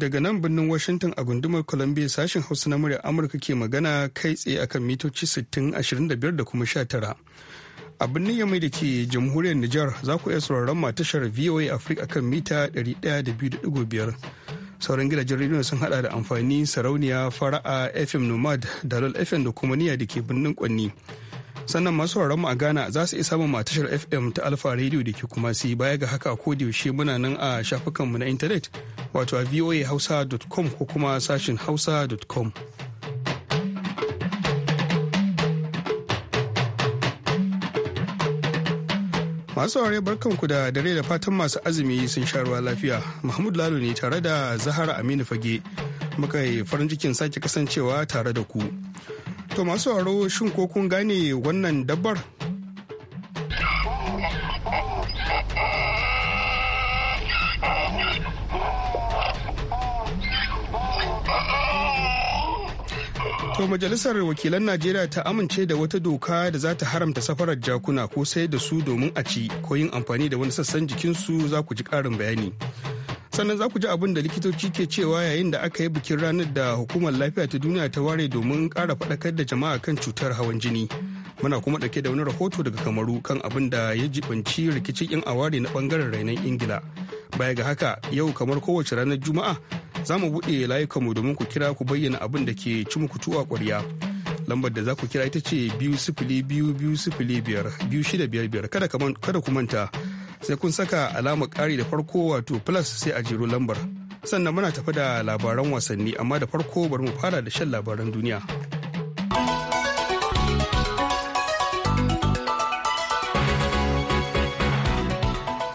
daga nan birnin Washington a gundumar Columbia sashen Hausa na murya Amurka ke magana kai tsaye akan mitoci 60, 25 da kuma 19. a birnin yamai da ke jamhuriyar Nijar za ku iya sauraron tashar VOA Africa akan mita 102.5. Sauran gidajen rediyon sun hada da amfani sarauniya fara'a FM Nomad, Dalol FM da kuma niya da ke birnin Kwanni. sannan masu mu a ghana za su iya samun tashar fm ta alfa radio da ke kuma si baya ga haka ko da yaushe muna nan a shafukanmu na intanet wato a voahausa.com ko kuma sashin hausa.com masu barkan barkanku da dare da fatan masu azumi sun sha ruwa lafiya mahmud lalo ne tare da zahara aminu fage muka yi farin cikin sake kasancewa tare da ku To masu waro shin ko kun gane wannan dabbar? To majalisar wakilan Najeriya ta amince da wata doka da za ta haramta safarar jakuna ko sayar da su domin a ci ko yin amfani da wani sassan jikinsu za ku ji ƙarin bayani. sannan za ku ji abin da likitoci ke cewa yayin da aka yi bikin ranar da hukumar lafiya ta duniya ta ware domin kara faɗakar da jama'a kan cutar hawan jini muna kuma ɗauke da wani rahoto daga kamaru kan abin da ya jibanci rikicin yan aware na ɓangaren rainon ingila baya ga haka yau kamar kowace ranar juma'a za mu buɗe layukanmu domin ku kira ku bayyana abin da ke ci muku tuwa ƙwarya lambar da za ku kira ita ce biyu sifili biyu biyu sifili biyar biyu shida biyar biyar kada ku manta sai kun saka alamar ƙari da farko wato plus sai a jero lambar sannan muna tafi da labaran wasanni amma da farko bari mu fara da shan labaran duniya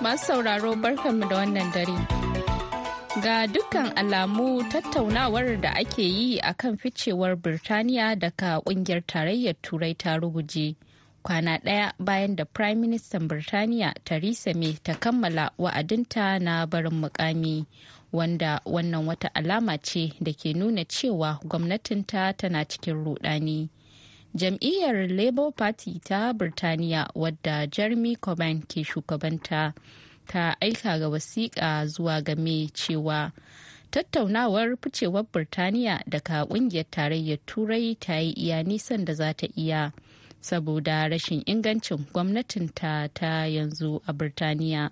masu sauraro barkanmu da wannan dare ga dukkan alamu tattaunawar da ake yi a kan ficewar birtaniya daga kungiyar tarayyar turai ta ruguje kwana ɗaya bayan da Prime Minister Birtaniya Theresa May ta kammala wa'adinta na barin mukami. Wanda wannan wata alama ce da ke nuna cewa gwamnatinta tana cikin rudani. Jam'iyyar Labour Party ta Birtaniya wadda Jeremy Corbyn ke shugabanta ta aika ga wasiƙa zuwa game cewa tattaunawar ficewar Birtaniya daga ƙungiyar tarayyar Turai ta yi iya nisan da za ta iya. saboda rashin ingancin gwamnatin ta ta yanzu a Birtaniya.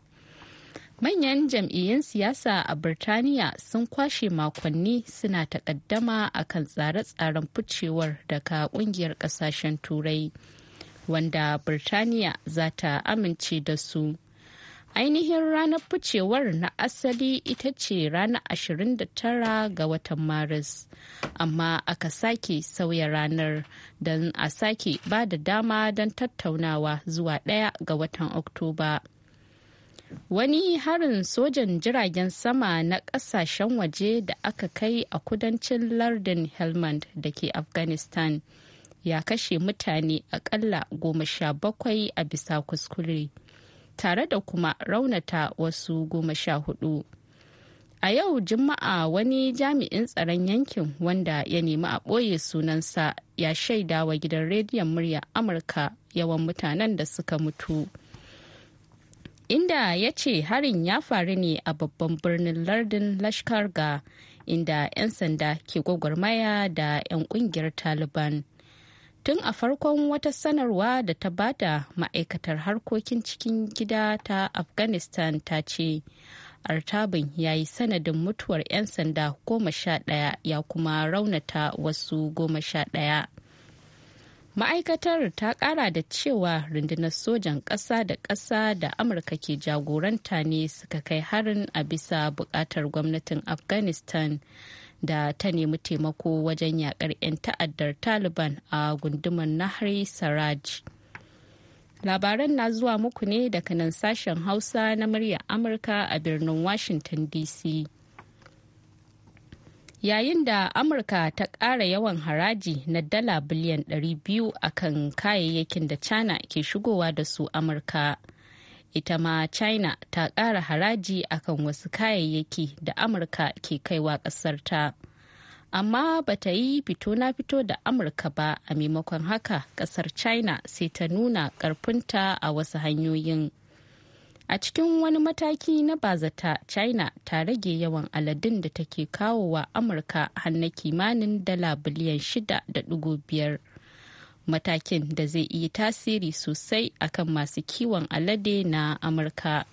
Manyan jam'iyyun siyasa a Birtaniya sun kwashe makonni suna takaddama a kan tsare-tsaren ficewar daga ƙungiyar ƙasashen turai wanda Birtaniya za ta amince da su. ainihin ranar ficewar na asali ita ce ranar 29 ga watan maris amma aka sake sauya ranar don a sake ba da dama don tattaunawa zuwa ɗaya ga watan oktoba wani harin sojan jiragen sama na kasashen waje da aka kai a kudancin lardin helmand da ke afghanistan ya kashe mutane akalla goma sha bakwai a bisa kuskure tare da kuma raunata wasu goma sha hudu. A yau Juma'a wani jami'in tsaron yankin wanda ya nemi a ɓoye sunansa ya shaida wa gidan rediyon murya Amurka yawan mutanen da suka mutu. Inda ya ce harin ya faru ne a babban birnin lardin Lashkarga inda 'yan sanda ke gwagwarmaya da 'yan kungiyar Taliban. tun a farkon wata sanarwa da ta bada ma'aikatar harkokin cikin gida ta afghanistan ta ce artabin ya yi sanadin mutuwar 'yan sanda goma sha daya ya kuma raunata wasu goma sha daya. ma'aikatar ta kara da cewa rundunar sojan ƙasa da ƙasa da amurka ke jagoranta ne suka kai harin a bisa buƙatar gwamnatin afghanistan da ta nemi taimako wajen yakar 'yan ta'addar taliban a gundumar nahri saraj labaran na zuwa muku ne daga nan sashen hausa na muryar amurka a birnin washington dc yayin da amurka ta ƙara yawan haraji na dala biliyan 200 akan kayayyakin da china ke shigowa da su amurka ita ma china ta ƙara haraji akan wasu kayayyaki da amurka ke kaiwa ƙasarta ta amma ba ta yi fito na fito da amurka ba a maimakon haka ƙasar china sai ta nuna ƙarfinta a wasu hanyoyin a cikin wani mataki na bazata china ta rage yawan aladun da take kawo wa amurka hannun kimanin dala biliyan 6.5 matakin da zai iya tasiri sosai akan masu kiwon alade na amurka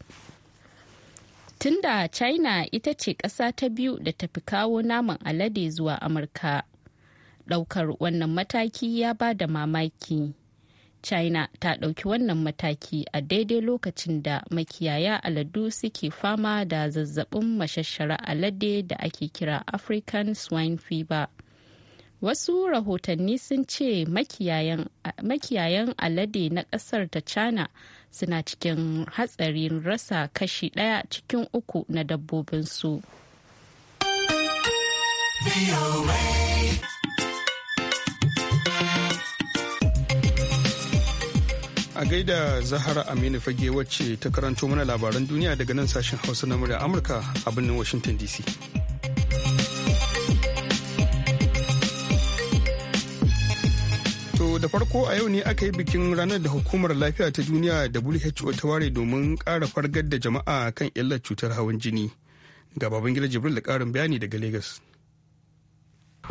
tunda china ita ce ƙasa ta biyu da ta fi kawo naman alade zuwa amurka ɗaukar wannan mataki ya ba da mamaki china ta ɗauki wannan mataki a daidai lokacin da makiyaya aladu suke fama da zazzabin mashashara alade da ake kira african swine fever wasu rahotanni sun ce makiyayan alade na kasar ta china suna cikin hatsarin rasa kashi daya cikin uku na dabbobinsu a gaida zahara aminu fage wacce ta karanto mana labaran duniya daga nan sashen hausa na murya amurka a birnin washington dc da farko a yau ne aka yi bikin ranar da hukumar lafiya ta duniya WHO ta ware domin ƙara fargar da jama'a kan illar cutar hawan jini. Ga Babangida Jibril da ƙarin bayani daga Legas.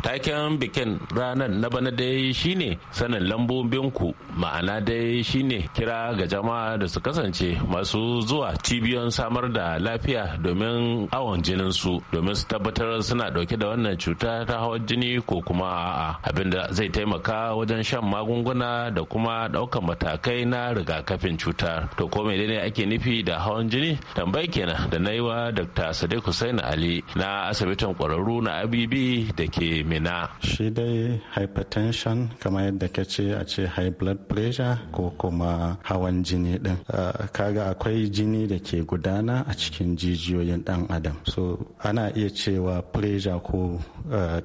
taken bikin ranar na bana dai shine sanin lambobinku ma'ana dai shine kira ga jama'a da su kasance masu zuwa cibiyon samar da lafiya domin awon jinin su domin su tabbatar suna dauke da wannan cuta ta hawan jini ko kuma a'a abinda zai taimaka wajen shan magunguna da kuma daukan matakai na rigakafin cuta to ko ne ake nufi da hawan jini tambayi kenan da na dr sadiq hussein ali na asibitin kwararru na abibi da ke mina shi dai hypertension kamar yadda ka ce a ce high blood pressure ko kuma hawan jini din ah, kaga akwai jini da ke gudana a cikin jijiyoyin dan adam so ana iya cewa pressure ko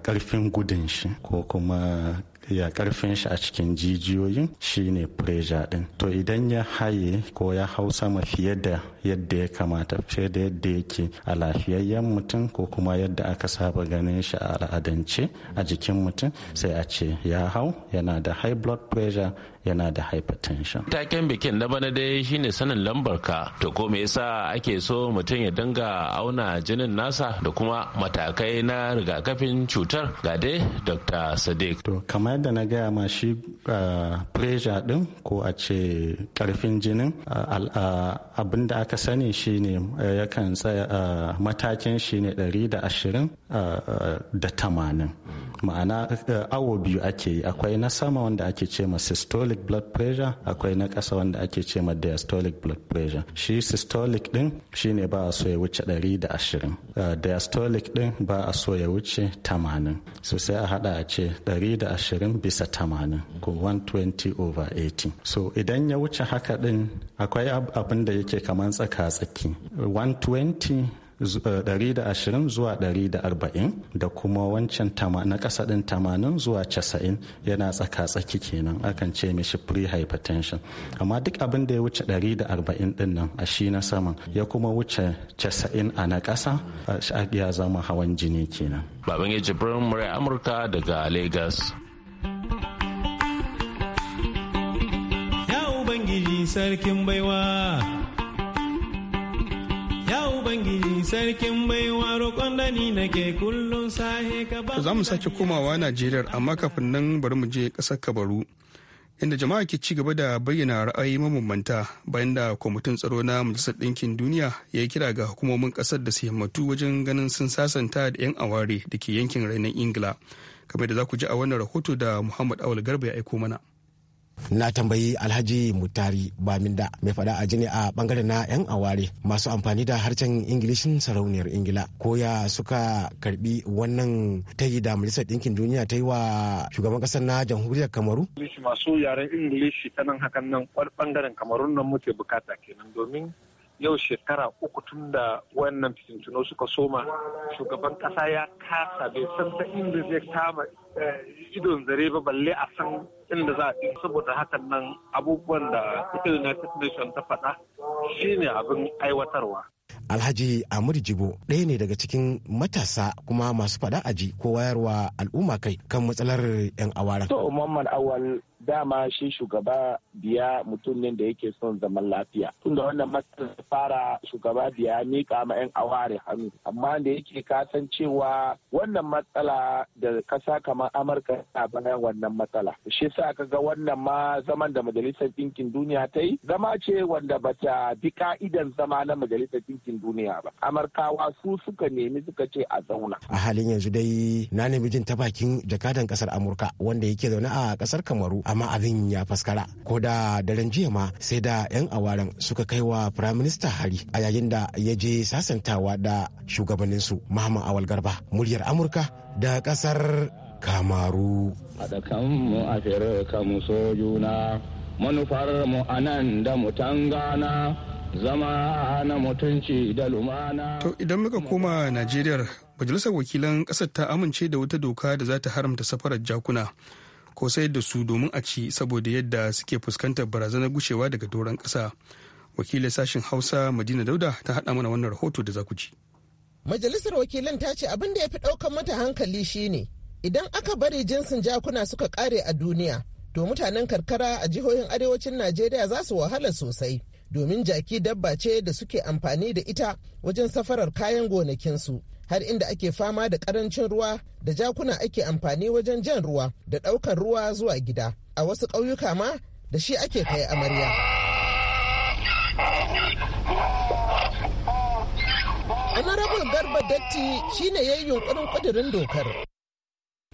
karfin ah, gudun shi ko kuma ya karfin shi a cikin jijiyoyin shine pressure din to idan ya haye ko ya hau sama fiye da yadda ya kamata fiye da yadda yake a lafiyayyen mutum ko kuma yadda aka saba ganin shi a al'adance a jikin mutum sai a ce ya hau yana da high blood pressure yana da hypertension. Taken bikin na bana dai shine sanin lambar ka to ko me yasa ake so mutum ya dinga auna jinin nasa da kuma matakai na rigakafin cutar ga dai Dr. Sadiq. To kamar yadda na gaya ma shi ah, pressure din ko a ce karfin jinin ah, ah, abin da aka sani shine eh, yakan tsaya matakin shine 120 da tamanin ma'ana eh, awo biyu ake yi akwai na sama wanda ake ce ma systolic systolic blood pressure akwai na ƙasa wanda ake ce ma diastolic blood pressure shi systolic din shine ba a so ya wuce 120 diastolic din ba a so ya wuce 80 so sai a hada a ce 120 bisa 80 ko 120 over 80 so idan ya wuce haka din akwai abin da yake kamar tsaka-tsaki 120 120 eh, zuwa 140 da kuma wancan na kasa din 80 zuwa 90 yana tsaka-tsaki kenan akan ce mishi pre-hypertension amma duk abin da ya wuce 140 din nan a shi na saman ya kuma wuce 90 a na kasa a ya zama hawan jini kenan. Baban ya jibirin murai Amurka daga Lagos. Ya Ubangiji sarkin baiwa. sarkin baiwa roƙon nake kullum sahe ka ba. Za mu sake komawa Najeriya amma kafin nan bari mu je ƙasar Kabaru. Inda jama'a ke ci gaba da bayyana ra'ayi mabambanta bayan da kwamitin tsaro na Majalisar Ɗinkin Duniya ya yi kira ga hukumomin ƙasar da su himmatu wajen ganin sun sasanta da 'yan aware da ke yankin rainon Ingila. Kamar da za ku ji a wannan rahoto da Muhammad Awal Garba ya aiko mana. na tambayi alhaji mutari baminda mai fada a jini a bangare na yan aware masu amfani da harshen ingilishin sarauniyar ingila ko ya suka karbi wannan ta yi da majalisar ɗinkin duniya ta yi wa shugaban ƙasar na jamhuriyar kamaru masu yaren ingilishi ta nan hakan nan bangaren kamarun nan muke bukata kenan domin yau shekara uku tun da wannan fitintuno suka soma shugaban kasa ya kasa bai san ta inda zai kama eh, idon zare ba balle a san inda za a saboda hakan nan abubuwan da ita united nations ta faɗa shine abin aiwatarwa Alhaji Amur Jibo ɗaya ne daga cikin matasa kuma masu fada aji ko wayarwa al'umma kai kan matsalar 'yan awara. To Muhammad Awal dama shi shugaba biya mutum ne da yake son zaman lafiya tunda wannan matsalar fara shugaba biya mika ma yan aware hannu amma da yake kasan cewa wannan matsala da kasa kamar amurka ta bayan wannan matsala shi sa ka ga wannan ma zaman da majalisar dinkin duniya ta yi zama ce wanda bata bi ka'idan zama na majalisar dinkin duniya ba amurkawa su suka nemi suka ce a zauna a halin yanzu dai na nemi jin ta bakin jakadan kasar amurka wanda yake zaune a kasar kamaru amma abin ya faskara ko da daren jiya ma sai da 'yan awaren suka kai wa firaminista hari a yayin da ya je sasantawa da shugabanninsu muhammad awal garba muryar amurka da kasar kamaru manufar mu anan da mu tangana zama na mutunci da lumana to idan muka koma najeriya majalisar wakilan kasar ta amince da wata doka da za ta haramta safarar jakuna ko sayar da su domin a ci saboda yadda suke fuskantar barazanar gushewa daga doron ƙasa wakilin sashen hausa madina dauda ta haɗa mana wannan rahoto da za ku ji majalisar wakilan ta ce abin da ya fi ɗaukan mata hankali shine idan aka bari jinsin jakuna suka ƙare a duniya to mutanen karkara a jihohin arewacin najeriya za su wahala sosai domin jaki dabba ce da suke amfani da ita wajen safarar kayan gonakinsu har inda ake fama da karancin ruwa da jakuna ake amfani wajen jan ruwa da ɗaukar ruwa zuwa gida a wasu ƙauyuka ma da shi ake kai amarya honorable garba datti shine yayi yunkurin kudirin dokar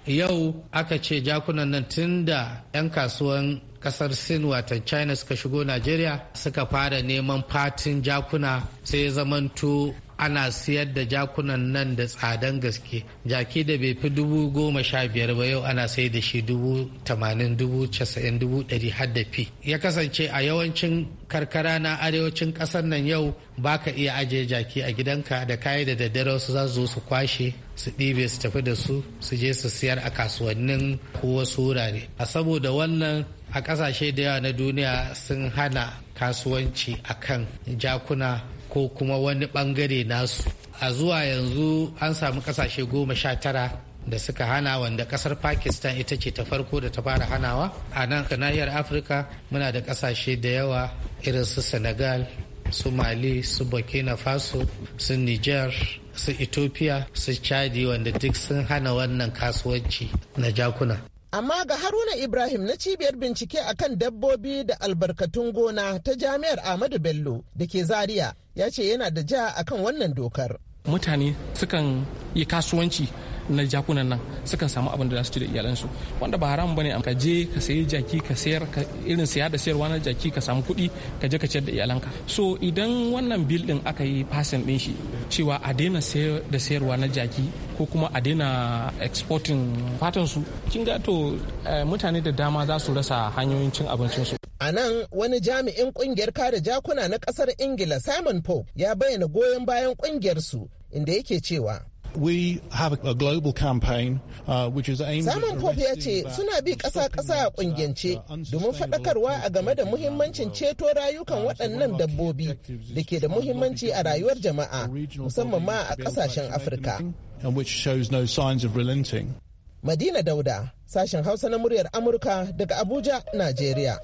yau aka ce jakunan nan tun da 'yan kasuwan kasar sin wata china suka shigo najeriya suka fara neman fatin jakuna sai zamanto ana siyar da jakunan nan da tsadan gaske jaki da bai fi dubu goma sha biyar ba yau ana sai da shi dubu tamanin dubu casa'in dubu ɗari har da fi ya kasance a yawancin karkara na arewacin ƙasar nan yau baka iya ajiye jaki a gidanka da kayi da daddare wasu za su su kwashe su ɗibe su tafi da su su je su siyar a kasuwannin ko wasu wurare a saboda wannan a ƙasashe da yawa na duniya sun hana kasuwanci akan jakuna ko kuma wani bangare nasu a zuwa yanzu an samu kasashe goma sha tara da suka hana wanda kasar pakistan ita ce ta farko da ta fara hanawa a nan nahiyar afirka muna da kasashe da yawa irin su senegal su mali su burkina faso su niger su ethiopia su chadi wanda duk sun hana wannan kasuwanci na jakuna Amma ga Haruna Ibrahim na cibiyar bincike akan dabbobi da albarkatun gona ta jami'ar Ahmadu Bello da ke Zaria ya ce yana da ja akan wannan dokar. Mutane sukan yi kasuwanci na jakunan nan sukan samu abin da za su ci da iyalansu wanda ba haramun bane ka je ka sayi jaki ka sayar ka irin saya da sayarwa na jaki ka samu kuɗi ka je ka ciyar da iyalanka so idan wannan bil din aka yi fasin din shi cewa a daina sayar da sayarwa na jaki ko kuma a daina exporting fatan su kin ga to eh, mutane da dama za su rasa hanyoyin cin abincin su A nan wani jami'in kungiyar kare jakuna na kasar Ingila Simon Pope ya bayyana goyon bayan kungiyar su inda yake cewa We have a global campaign uh, which is aimed Pope ya ce suna bi ƙasa-ƙasa a ƙungiyance uh, domin faɗakarwa a game da uh, muhimmancin uh, ceto rayukan waɗannan dabbobi da ke da muhimmanci a rayuwar jama'a musamman ma a ƙasashen Afirka. Madina Dauda, sashen Hausa na muryar Amurka daga Abuja, Najeriya.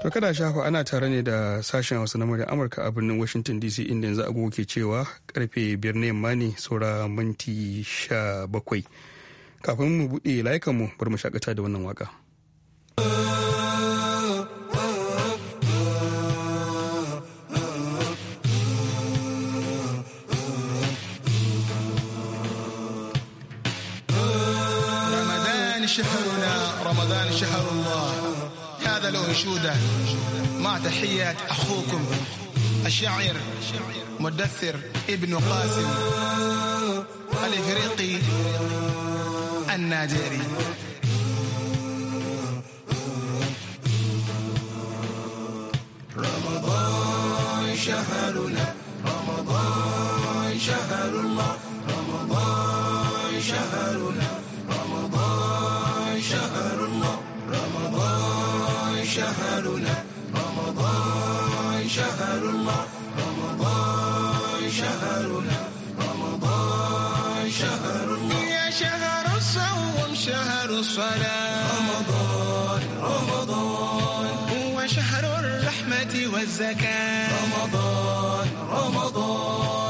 To kada shafa ana tare ne da sashen Hausa na murya Amurka a birnin Washington DC inda yanzu agogo ke cewa karfe biyar na yamma ne saura minti sha bakwai. Kafin mu buɗe layukanmu bar mu shakata da wannan waka. شهرنا رمضان شهر الله بذلوا الأنشودة مع تحيات اخوكم الشاعر مدثر ابن قاسم الافريقي الناجري رمضان شهرنا رمضان شهر الله رمضان شهرنا شهرنا رمضان شهر الله رمضان شهرنا رمضان شهر الله يا شهر الصوم شهر الصلاة رمضان رمضان هو شهر الرحمة والزكاة رمضان رمضان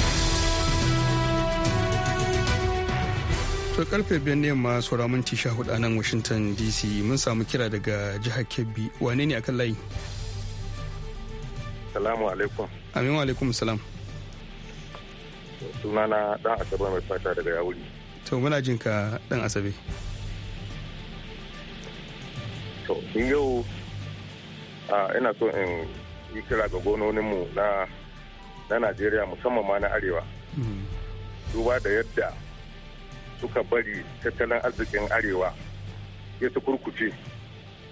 to karfe biyar ne ma saura minti sha hudu nan washington dc mun samu kira daga jihar kebbi wane ne akan layi salamu alaikum amin wa alaikum salam sunana dan asabe mai fata daga yawuri to muna jin ka dan asabe to in yau a ina so in yi kira ga gononinmu na na najeriya musamman ma na arewa mm. duba da yadda suka bari tattalin arzikin arewa ya su kurkuce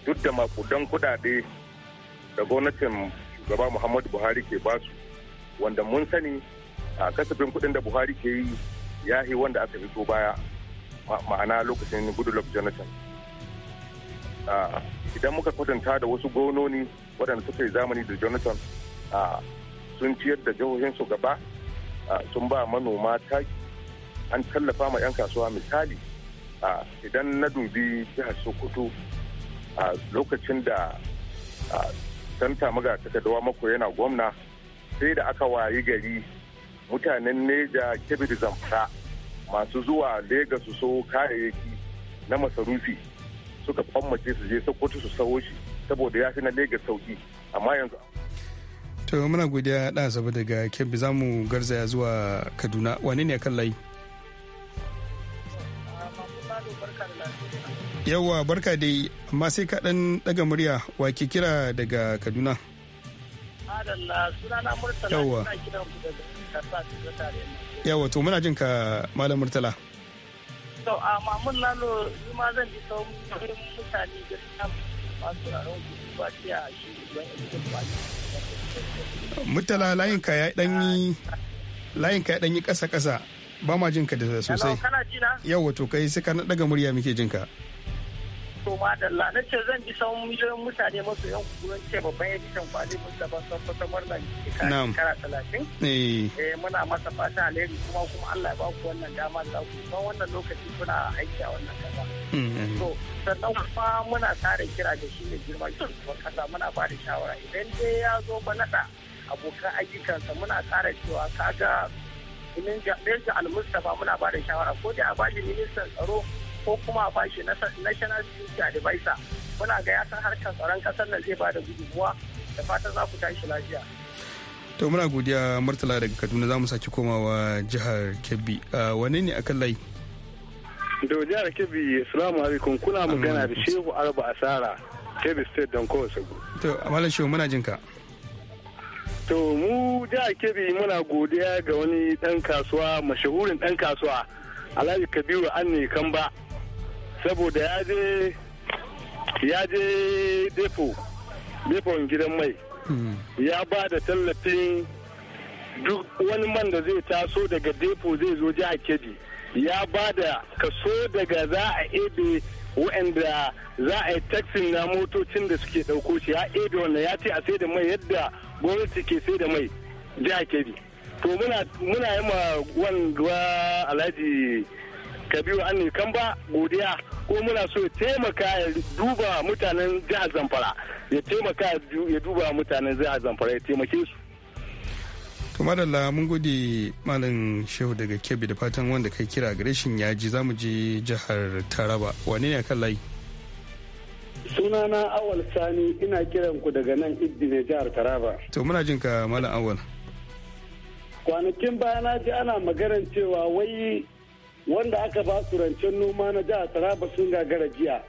duk da makudan kudade da gwamnatin shugaba muhammadu buhari ke basu wanda mun sani a kasafin kudin da buhari ke yi ya yi wanda aka fito baya ma'ana lokacin goodluck jonathan idan muka kwatanta da wasu gononi waɗanda suka yi zamani da jonathan sun ciyar da jihohinsu gaba sun ba manoma taki an tallafa ma 'yan kasuwa misali idan na dubi jihar sokoto a lokacin da santa maga takardawa mako yana gwamna sai da aka wayi gari mutanen neja kebir zamfara masu zuwa legas su so kayayyaki na masarufi suka kwammace su je sokoto su sawo shi saboda ya fi na legas sauki amma yanzu to muna godiya da daga kebbi za mu garzaya zuwa kaduna wane ne kan layi Yawwa barka dai amma sai kaɗan ɗaga murya ke kira daga Kaduna. Yawwa. to muna jin ka Malam Murtala. To a layin ka ya ɗanyi ƙasa-ƙasa ba ma jinka da sosai yawa to kai sai ka daga murya muke jinka to na ce zan ji sauran miliyoyin mutane masu yan kuren ce babban editan kwali mustapha sun fata murnar shekara talatin eh. eh muna masa fata alheri kuma kuma allah ya ba ku wannan dama da ku ban wannan lokaci kuna aiki a wannan kasa mm-hmm. to sannan kuma muna tsara kira da shi da girma shugaban kasa muna ba da shawara idan dai ya zo ba naɗa abokan ayyukansa muna tsara cewa kaga Ninja Al-Mustapha muna ba da shawara ko da a bashi ministan tsaro ko kuma a bashi National Security Advisor muna ga ya san harkar tsaron kasar nan zai ba da gudunmuwa da fatan za ku tashi lafiya. To muna godiya martala daga Kaduna za mu sake komawa jihar Kebbi. Wane ne akan layi? Da jihar Kebbi, Assalamu alaikum kuna magana da Shehu Arba Asara, Kebbi State don kowace. To, Malam Shehu muna jinka. To mu ake bi muna godiya ga wani ɗan kasuwa mashahurin ɗan kasuwa Alhaji Kabiru Anne Kamba saboda ya je ya je depo depon gidan mai hmm. ya ba da tallafin duk wani man da zai taso daga depo zai zo jiha keji ya ba da kaso daga za a ebe waɗanda za a yi taksin na motocin da suke dauko shi ya ebe wannan ya ce a sai da mai yadda gwamnati ke sai da mai jiha kebi to muna yi ma wanga alhaji kabiru an kan ba godiya ko muna so ya taimaka ya duba mutanen jihar zamfara ya taimaka ya duba mutanen jihar zamfara ya taimake su to madalla mun gode malam shehu daga kebbi da fatan wanda kai kira gare shin ya ji zamu je jihar taraba wane ne kan layi Sunana Awal Sani ina kiran ku daga nan Iddine jihar Taraba. To muna jin ka Malam Awal. Kwanakin baya na ji ana maganar cewa wai wanda aka ba su rancen noma na jihar Taraba sun gagara jiya.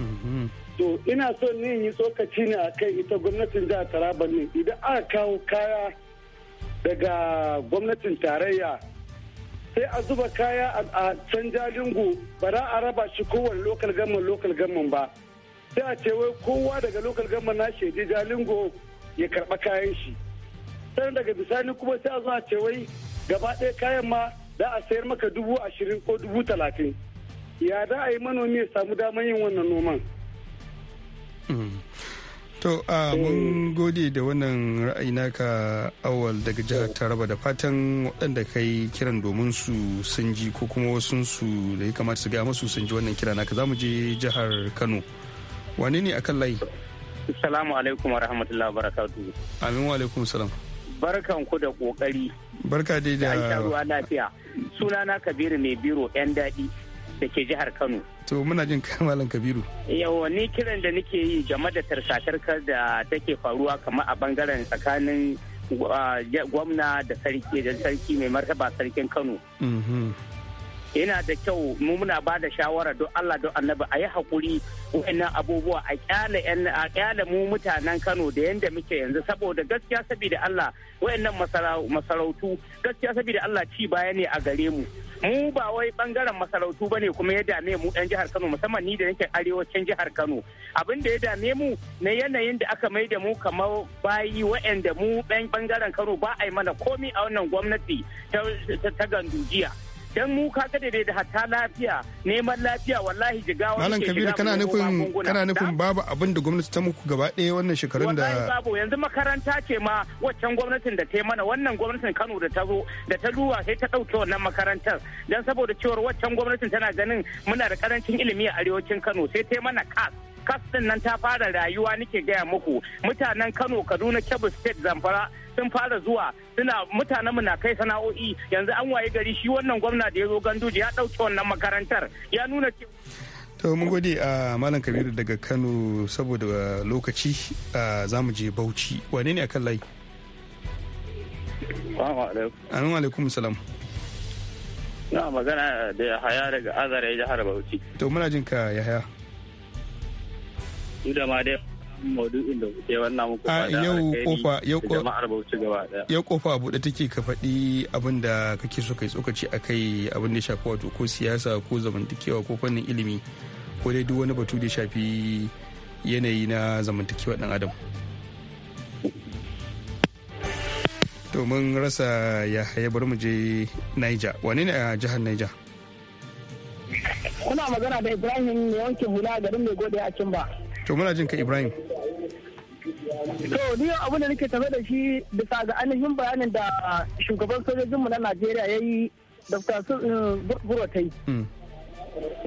Mhm. To ina so ni yi tsokaci ne a kai ita gwamnatin jihar Taraba ne idan aka kawo kaya daga gwamnatin tarayya sai a zuba kaya a canja lingu ba za a raba shi kowane lokal gamman lokal gamman ba. da a ce wai kowa daga lokal gama na shaidi jalingo ya karba kayan shi sannan daga bisani kuma sai a zo a ce wai gaba ɗaya kayan ma za a sayar maka dubu ashirin ko dubu talatin ya za a yi manomi ya samu damar yin wannan noman mm. To a mun eh. gode da wannan ra'ayi naka awal daga jihar eh. Taraba da fatan waɗanda kai kiran domin su sun ji ko kuma wasu su da ya kamata su gaya masu sun ji wannan kira naka za mu je jihar Kano. wani ne a kan layi? Assalamu alaikum wa rahmatullahi wa barakatuhu. Amin wa alaikum salam. Barkan ku da kokari. Barka dai da. An ruwa lafiya. Sunana Kabiru mai biro 'yan daɗi da ke jihar Kano. To muna jin malam Kabiru. Yawa ni kiran da nake yi game da tarsatarkar da take faruwa kamar a bangaren tsakanin ah, gwamna da sarki da sarki mai martaba sarkin Kano. Mm-hmm. yana da kyau mu muna ba da shawara don Allah don annabi a yi hakuri wannan abubuwa a kyale a kyale mu mutanen Kano da yanda muke yanzu saboda gaskiya saboda Allah wayannan masarautu gaskiya saboda Allah ci baya ne a gare mu mu ba wai bangaren masarautu bane kuma ya dame mu ɗan jihar Kano musamman ni da nake arewacin jihar Kano abin da ya dame mu na yanayin da aka mai da mu kamar bayi wayanda mu ɗan bangaren Kano ba a yi mana komi a wannan gwamnati ta gandujiya dan mu kaga da da hatta lafiya neman lafiya wallahi jigawa malam kabir kana nufin kana nufin babu abin da gwamnati ta muku gaba ɗaya wannan shekarun da wallahi babu yanzu makaranta ce ma waccan gwamnatin da ta yi mana wannan gwamnatin Kano da ta zo da ta luwa sai ta ɗauke wannan makarantar dan saboda cewa waccan gwamnatin tana ganin muna da karancin ilimi a arewacin Kano sai ta yi mana kas kas nan ta fara rayuwa nake gaya muku mutanen kano kaduna kebbi state zamfara sun fara zuwa suna mutanenmu na kai sana'o'i yanzu an waye gari shi wannan gwamna da ya zo ganduje ya ɗauke wannan makarantar ya nuna cewa to mun gode a ah, malam kabiru daga kano saboda ah, lokaci ah, za mu je bauchi wane ne akan lai layi alaikum salam. Na magana da Yahaya daga Azare jihar Bauchi. To muna jin ka Yahaya. yau kofa yau bude take ka faɗi abin da kake so kai tsokaci akai abin da ya shafi wato ko siyasa ko zamantakewa ko fannin ilimi ko dai duk wani batu da shafi yanayi na zamantakewa dan adam to rasa ya haye bari mu je Niger wane ne a jihar Niger kuna magana da Ibrahim ne wanke hula garin mai gode a Kimba to muna jin ka ibrahim to ni abu da nake tafe da shi bisa ga ainihin bayanin da shugaban sojojinmu na najeriya ya yi da eh, burotai hmm.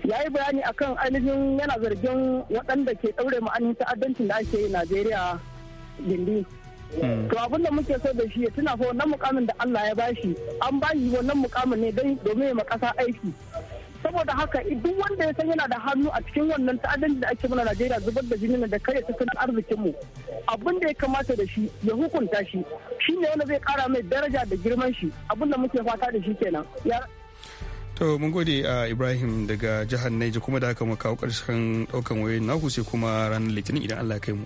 ya yi bayani akan ainihin yana zargin waɗanda ke ɗaure ma'anin ta'addancin da ake yi najeriya gindi hmm. to abin da muke so da shi ya tuna fa wannan mukamin da allah ya bashi an bashi wannan mukamin ne domin ya ƙasa aiki saboda haka duk wanda ya san yana da hannu a cikin wannan ta'addan da ake mana Najeriya zubar da jini da kare tattalin arzikin mu abin da ya kamata da shi ya hukunta shi shi ne wanda zai kara mai daraja da girman shi abin da muke fata da shi kenan To mun gode a Ibrahim daga jihar Niger kuma da haka mu kawo ƙarshen ɗaukan wayoyin naku sai kuma ranar Litinin idan Allah ya kai mu.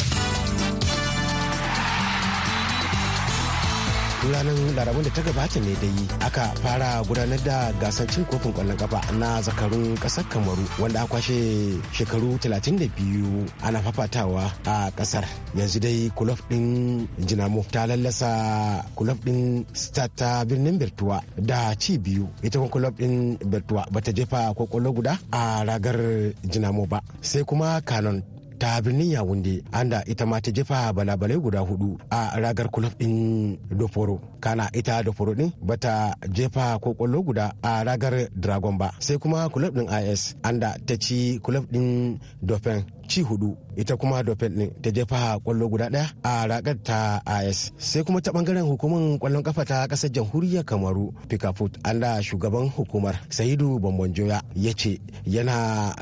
ranar laraban da ta gabata ne dai aka fara gudanar da gasar cin kofin kwallon kafa na zakarun kasar kamaru wanda a kwashe shekaru 32 ana fafatawa a kasar yanzu dai kulof din jinamo ta lallasa kulof din star ta birnin bertuwa da ci biyu ita kuma kulof din birtuwa bata jefa kwakwallo guda a ragar jinamo ba sai kuma kanon ta birnin yawunde anda ita ma ta jefa balabalai guda hudu a ragar kulaf din doforo kana ita da furo din bata jefa ko kwallo guda a ragar dragon ba sai kuma kulab din is anda ta ci kulab din dauphin ci hudu ita kuma dauphin din ta jefa kwallo guda ɗaya a ragar ta is sai kuma ta bangaren hukumar kwallon kafa ta kasar jamhuriyar kamaru pikafut anda shugaban hukumar sayidu joya ya ce yana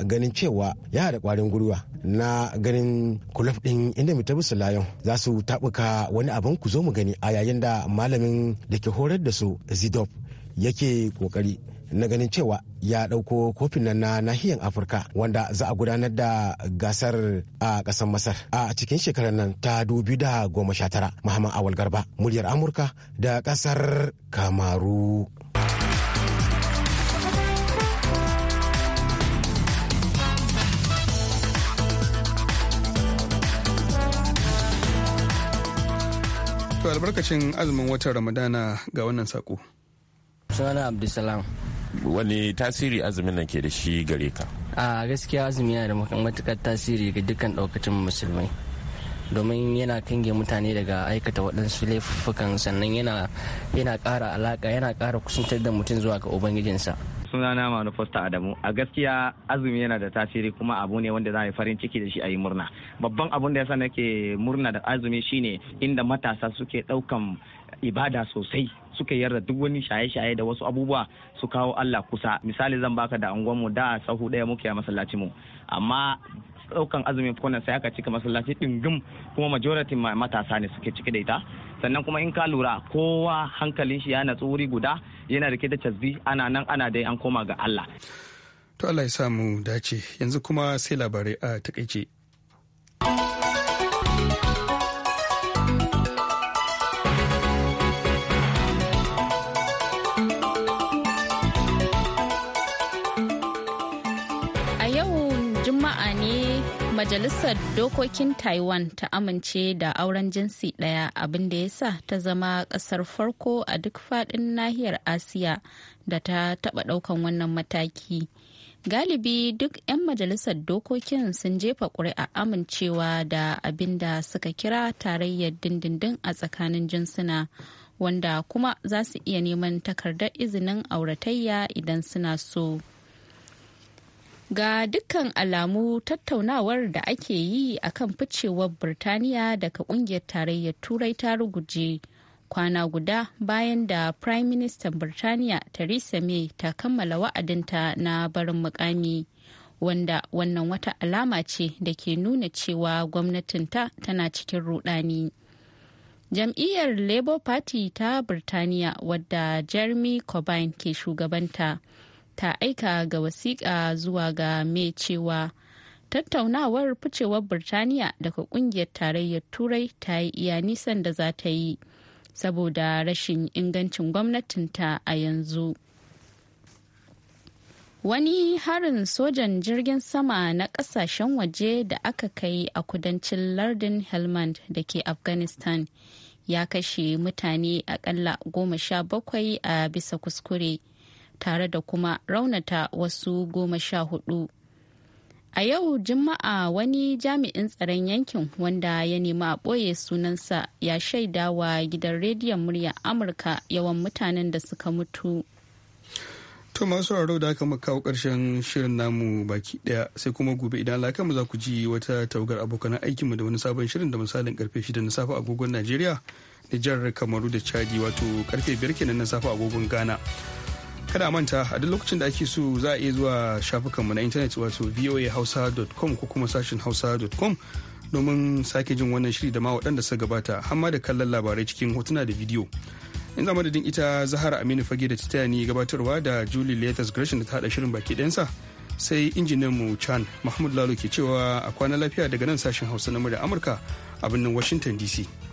ganin cewa ya da kwarin gwiwa na ganin kulab din inda su layon za su tabuka wani abin ku zo mu gani a yayin da malamin ganin da ke horar da su zidop yake kokari na ganin cewa ya ɗauko kofin nan na nahiyar afirka wanda za a gudanar da gasar a ƙasar masar a cikin shekarar nan ta dubi da goma sha tara muhammad awal garba muryar amurka da ƙasar kamaru albarkacin azumin watan Ramadana ga wannan sako. Sunana Abdulsalam. Wani tasiri azumin nan ke da shi gare ka? A gaskiya azumi yana da matukar tasiri ga dukkan daukacin musulmai. domin yana kange mutane daga aikata waɗansu laifukan sannan yana ƙara alaƙa yana ƙara kusantar da mutum zuwa ga ubangijinsa sunana fosta adamu a gaskiya azumi yana da tasiri kuma abu ne wanda za a yi farin ciki da shi a yi murna babban abun da ya yasa ke murna da azumi shine inda matasa suke ɗaukan ibada sosai suka yarda duk wani shaye-shaye da wasu abubuwa su kawo Allah kusa misali zan baka da unguwanmu da sahu ɗaya muke a masallacin mu amma ɗaukan azumin kona sai aka cika masallaci ɗingim kuma majority matasa ne suke cike da ita sannan kuma in ka lura kowa hankalin shi ya tsuri guda yana rike da cazzi ana nan ana dai an koma ga Allah to Allah ya samu dace yanzu kuma sai labarai a takaice Majalisar Dokokin Taiwan ta amince da auren jinsi ɗaya abin da ya sa ta zama ƙasar farko a duk faɗin nahiyar Asiya da ta taɓa ɗaukan wannan mataki. Galibi duk 'yan majalisar dokokin sun jefa ƙuri'a amincewa da abin da suka kira tarayyar dindindin a tsakanin jinsuna. wanda kuma za su iya neman takardar izinin auratayya idan suna so. ga dukkan alamu tattaunawar da ake yi akan ficewar birtaniya daga kungiyar tarayyar turai ta ruguje kwana guda bayan da prime minister birtaniya theresa may ta kammala wa'adinta na barin mukami wanda wannan wata alama ce da ke nuna cewa gwamnatinta tana cikin rudani jam'iyyar labour party ta birtaniya wadda jeremy corbyn ke shugabanta ta aika ga wasiƙa zuwa ga mai cewa tattaunawar ficewar birtaniya daga kungiyar tarayyar turai ta yi iya nisan da za ta yi saboda rashin ingancin gwamnatinta a yanzu wani harin sojan jirgin sama na kasashen waje da aka kai a kudancin lardin helmand da ke afghanistan ya kashe mutane akalla goma sha bakwai a bisa kuskure tare da kuma raunata wasu goma sha hudu. A yau Juma'a wani jami'in tsaron yankin wanda ya nemi a ɓoye sunansa ya shaida wa gidan rediyon muryar Amurka yawan mutanen da suka mutu. To masu sauraro da aka kawo ƙarshen shirin namu baki ɗaya sai kuma gobe idan laka mu za ku ji wata tawagar abokan aikinmu da wani sabon shirin da misalin karfe shida na safe agogon Najeriya, Nijar, Kamaru da Chadi wato karfe biyar kenan na safe agogon Ghana. kada manta a duk lokacin da ake so za a iya zuwa shafukanmu na intanet wato voahausa.com ko kuma sashin hausa.com domin sake jin wannan shiri da ma waɗanda suka gabata hamma da kallon labarai cikin hotuna da bidiyo in za madadin ita zahara aminu fage da ta ni gabatarwa da juli latest gresham da ta haɗa shirin baki ɗansa sai injiniyan mu chan mahmud lalo ke cewa a kwana lafiya daga nan sashen hausa na murya amurka a birnin washington dc